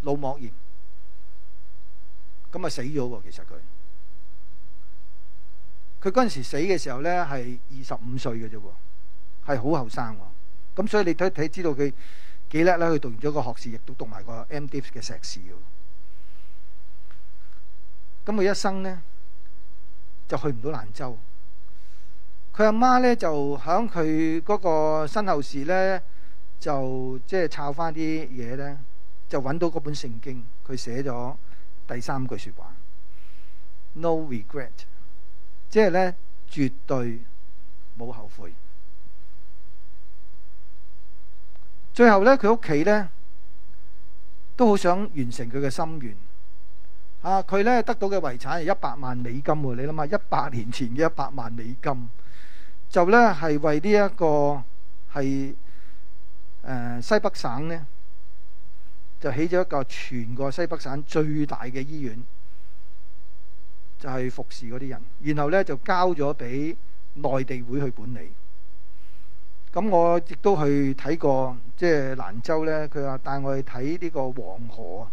腦膜炎，咁啊死咗喎。其實佢佢嗰陣時死嘅時候咧係二十五歲嘅啫喎。係好後生喎，咁所以你睇睇知道佢幾叻啦。佢讀完咗個學士，亦都讀埋個 M. D. S. 嘅碩士。咁佢一生呢，就去唔到蘭州。佢阿媽呢，就喺佢嗰個身後事呢，就即係抄翻啲嘢呢，就揾到嗰本聖經。佢寫咗第三句説話：No regret，即係呢，絕對冇後悔。最後呢，佢屋企呢都好想完成佢嘅心願。啊，佢呢得到嘅遺產係一百萬美金喎，你諗下，一百年前嘅一百萬美金，就呢係為呢、這、一個係誒、呃、西北省呢，就起咗一個全個西北省最大嘅醫院，就係、是、服侍嗰啲人，然後呢，就交咗俾內地會去管理。咁、嗯、我亦都去睇過，即係蘭州呢，佢話帶我去睇呢個黃河啊。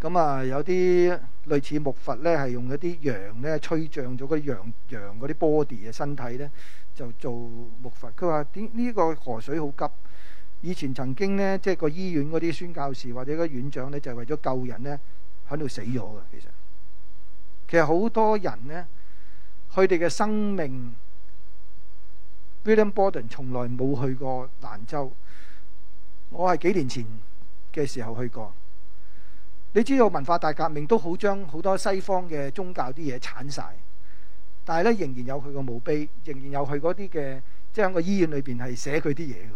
咁、嗯、啊，有啲類似木筏呢，係用嗰啲羊呢吹脹咗個羊羊嗰啲 body 嘅身體呢，就做木筏。佢話點呢個河水好急。以前曾經呢，即、就、係、是、個醫院嗰啲宣教士或者個院長呢，就係、是、為咗救人呢，喺度死咗嘅。其實其實好多人呢，佢哋嘅生命。William Borden 從來冇去過蘭州，我係幾年前嘅時候去過。你知道文化大革命都好將好多西方嘅宗教啲嘢鏟晒，但係咧仍然有佢個墓碑，仍然有佢嗰啲嘅，即係喺個醫院裏邊係寫佢啲嘢㗎。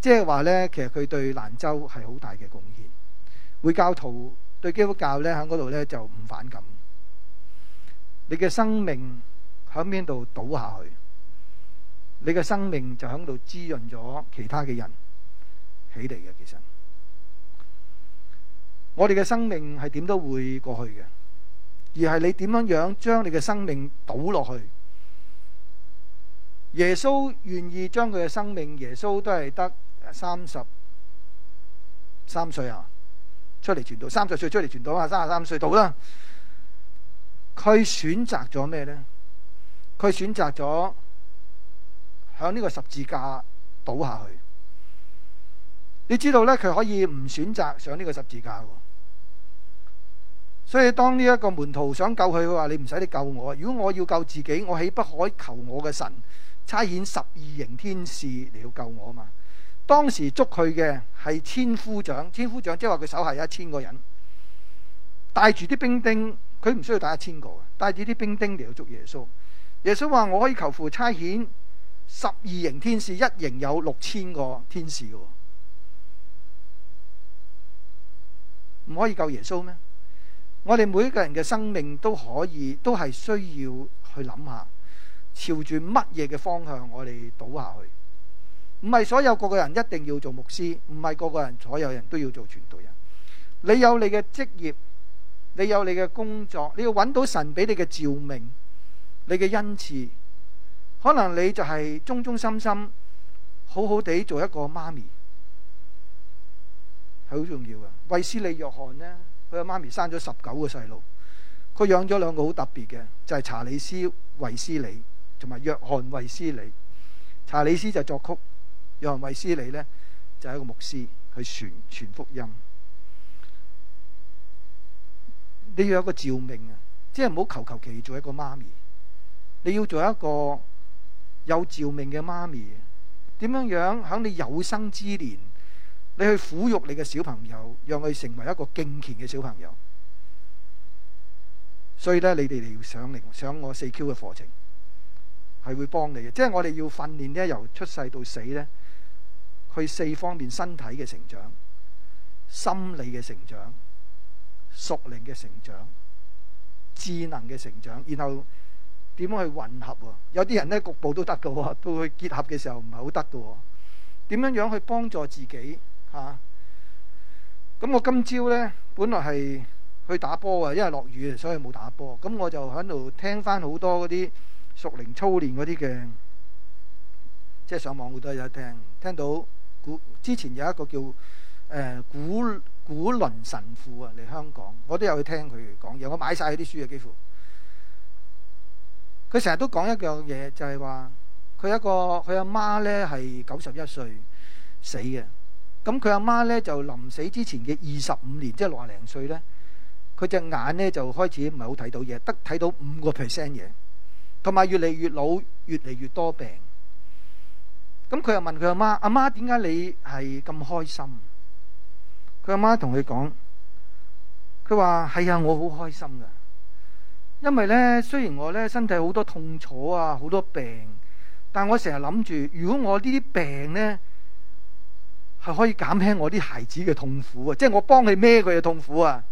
即係話呢，其實佢對蘭州係好大嘅貢獻。會教徒對基督教呢，喺嗰度呢就唔反感。你嘅生命，喺邊度倒下去？你嘅生命就喺度滋潤咗其他嘅人起嚟嘅。其實我哋嘅生命係點都會過去嘅，而係你點樣樣將你嘅生命倒落去？耶穌願意將佢嘅生命，耶穌都係得三十三歲啊，出嚟傳道。三十歲出嚟傳道啊，三十三歲倒啦。佢選擇咗咩呢？佢選擇咗向呢個十字架倒下去。你知道呢，佢可以唔選擇上呢個十字架喎。所以當呢一個門徒想救佢，佢話：你唔使你救我。如果我要救自己，我豈不可求我嘅神差遣十二營天使嚟到救我嘛？當時捉佢嘅係千夫長，千夫長即係話佢手下有一千個人，帶住啲兵丁。佢唔需要帶一千個，帶住啲兵丁嚟到捉耶穌。耶穌話：我可以求父差遣十二營天使，一營有六千個天使、哦，唔可以救耶穌咩？我哋每一個人嘅生命都可以，都係需要去諗下，朝住乜嘢嘅方向我哋倒下去？唔係所有個個人一定要做牧師，唔係個個人、所有人都要做傳道人。你有你嘅職業，你有你嘅工作，你要揾到神俾你嘅召命。你嘅恩賜，可能你就係忠忠心心好好地做一個媽咪，係好重要噶。衛斯理約翰呢，佢個媽咪生咗十九個細路，佢養咗兩個好特別嘅，就係、是、查理斯衛斯理同埋約翰衛斯理。查理斯就作曲，約翰衛斯理呢，就係、是、一個牧師去傳傳福音。你要有個召命啊，即係唔好求求其做一個媽咪。你要做一個有召命嘅媽咪，點樣樣喺你有生之年，你去撫育你嘅小朋友，讓佢成為一個敬虔嘅小朋友。所以咧，你哋要上嚟上我四 Q 嘅課程，係會幫你嘅。即係我哋要訓練呢，由出世到死咧，佢四方面身體嘅成長、心理嘅成長、屬靈嘅成長、智能嘅成長，然後。點樣去混合喎？有啲人呢，局部都得㗎喎，到佢結合嘅時候唔係好得㗎喎。點樣樣去幫助自己嚇？咁、啊、我今朝呢，本來係去打波嘅，因為落雨，所以冇打波。咁我就喺度聽翻好多嗰啲熟齡操練嗰啲嘅，即、就、係、是、上網好多有聽聽到古之前有一個叫誒、呃、古古倫神父啊，嚟香港，我都有去聽佢講嘢，我買晒佢啲書嘅、啊、幾乎。佢成日都講一樣嘢，就係話佢一個佢阿媽呢係九十一歲死嘅。咁佢阿媽呢就臨死之前嘅二十五年，即係六廿零歲呢，佢隻眼呢就開始唔係好睇到嘢，得睇到五個 percent 嘢，同埋越嚟越老，越嚟越多病。咁佢又問佢阿媽：阿媽點解你係咁開心？佢阿媽同佢講：佢話係啊，我好開心噶。因為咧，雖然我咧身體好多痛楚啊，好多病，但我成日諗住，如果我呢啲病咧係可以減輕我啲孩子嘅痛苦啊，即係我幫佢孭佢嘅痛苦啊，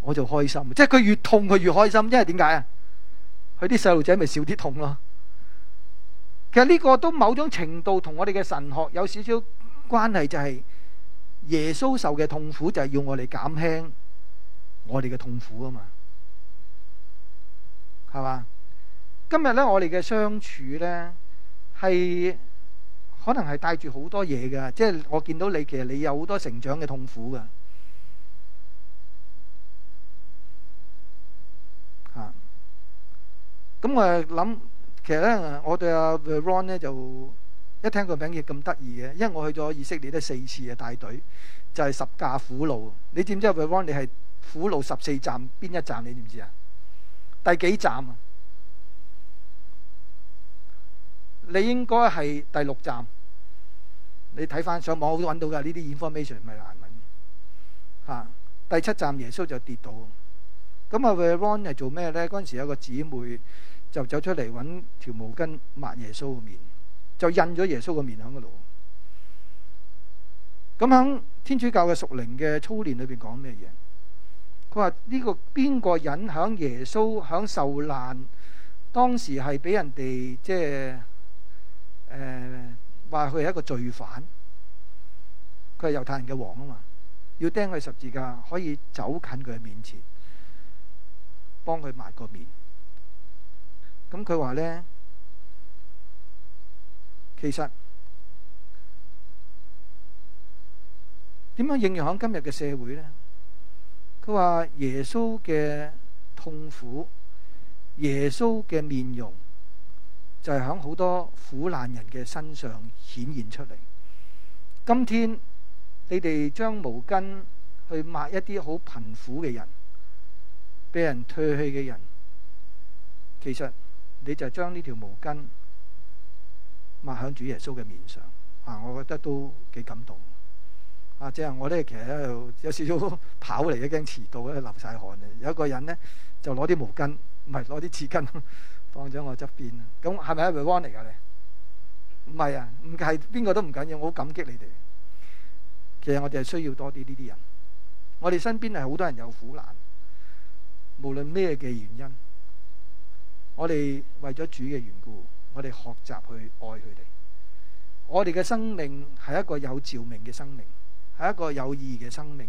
我就開心。即係佢越痛佢越開心，因為點解啊？佢啲細路仔咪少啲痛咯。其實呢個都某種程度同我哋嘅神學有少少關係，就係耶穌受嘅痛苦就係要我哋減輕我哋嘅痛苦啊嘛。係嘛？今日咧，我哋嘅相處咧係可能係帶住好多嘢嘅，即係我見到你，其實你有好多成長嘅痛苦嘅嚇。咁、嗯、我諗，其實咧，我對阿 Veron 咧就一聽個名叫咁得意嘅，因為我去咗以色列都四次啊，帶隊就係、是、十架苦路。你知唔知阿 Veron？你係苦路十四站邊一站？你知唔知啊？第幾站啊？你應該係第六站。你睇翻上網好揾到㗎，呢啲 information 唔係難揾。嚇、嗯，第七站耶穌就跌倒。咁啊 Veron 係做咩咧？嗰陣時有個姊妹就走出嚟揾條毛巾抹耶穌嘅面，就印咗耶穌個面喺個度。咁喺天主教嘅屬靈嘅操練裏邊講咩嘢？佢話：呢、這個邊個影響耶穌響受難？當時係俾人哋即係誒話佢係一個罪犯，佢係猶太人嘅王啊嘛，要釘佢十字架，可以走近佢嘅面前，幫佢抹個面。咁佢話呢，其實點樣應用響今日嘅社會呢？佢話：耶穌嘅痛苦，耶穌嘅面容，就係響好多苦難人嘅身上顯現出嚟。今天你哋將毛巾去抹一啲好貧苦嘅人，被人唾棄嘅人，其實你就將呢條毛巾抹響主耶穌嘅面上。啊，我覺得都幾感動。啊！即係我哋其實喺度有少少跑嚟，驚遲到咧，流晒汗啊。有一個人咧就攞啲毛巾，唔係攞啲紙巾， 放咗我側邊。咁係咪係 everyone 嚟噶？你唔係啊，唔係邊個都唔緊要。我好感激你哋。其實我哋係需要多啲呢啲人。我哋身邊係好多人有苦難，無論咩嘅原因，我哋為咗主嘅緣故，我哋學習去愛佢哋。我哋嘅生命係一個有照明嘅生命。係一個有意義嘅生命，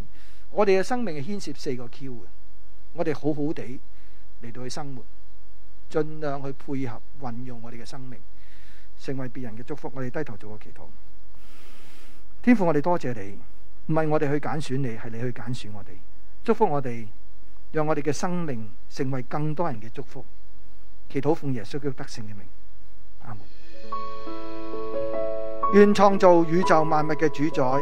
我哋嘅生命係牽涉四個 Q 嘅，我哋好好地嚟到去生活，盡量去配合運用我哋嘅生命，成為別人嘅祝福。我哋低頭做個祈禱，天父我哋多謝你，唔係我哋去揀選你，係你去揀選我哋，祝福我哋，讓我哋嘅生命成為更多人嘅祝福。祈禱奉耶穌基督得勝嘅名。阿門。願創造宇宙萬物嘅主宰。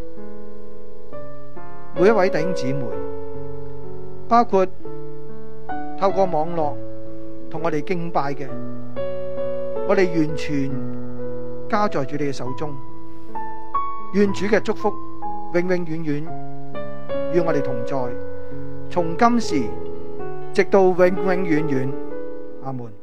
每一位弟兄姊妹，包括透過網絡同我哋敬拜嘅，我哋完全交在主你嘅手中，願主嘅祝福永永遠遠與我哋同在，從今時直到永永遠遠，阿門。